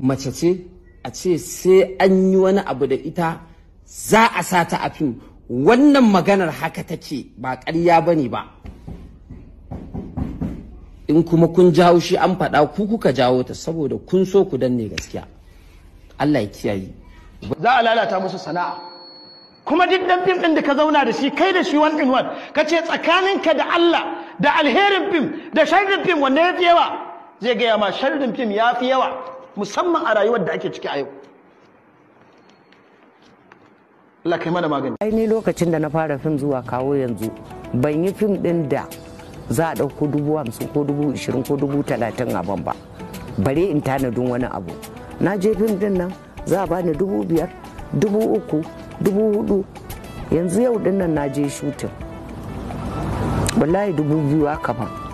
mace ce a ce sai an yi wani abu da ita za a sa ta a fim wannan maganar haka take ba karya ba ne ba in kuma kun jawo shi an faɗa ku kuka jawo ta saboda kun so ku danne gaskiya Allah ya kiyaye za a lalata musu sana'a kuma duk dan ɗin da ka zauna da shi kai da shi wani in ka ce tsakaninka da Allah da alherin fim da sharrin fim wanda ya fi yawa zai gaya ma sharrin fim ya fi yawa musamman a rayuwar da ake ciki a yau Allah mana magani ai ni lokacin da na fara fim zuwa kawo yanzu ban yi fim ɗin da za a ɗauko dubu hamsin ko dubu ishirin ko dubu talatin a ban ba bare in tanadin wani abu na je fim din nan za a bani dubu biyar dubu uku dubu hudu yanzu yau din nan na je shutin wallahi dubu biyu aka ban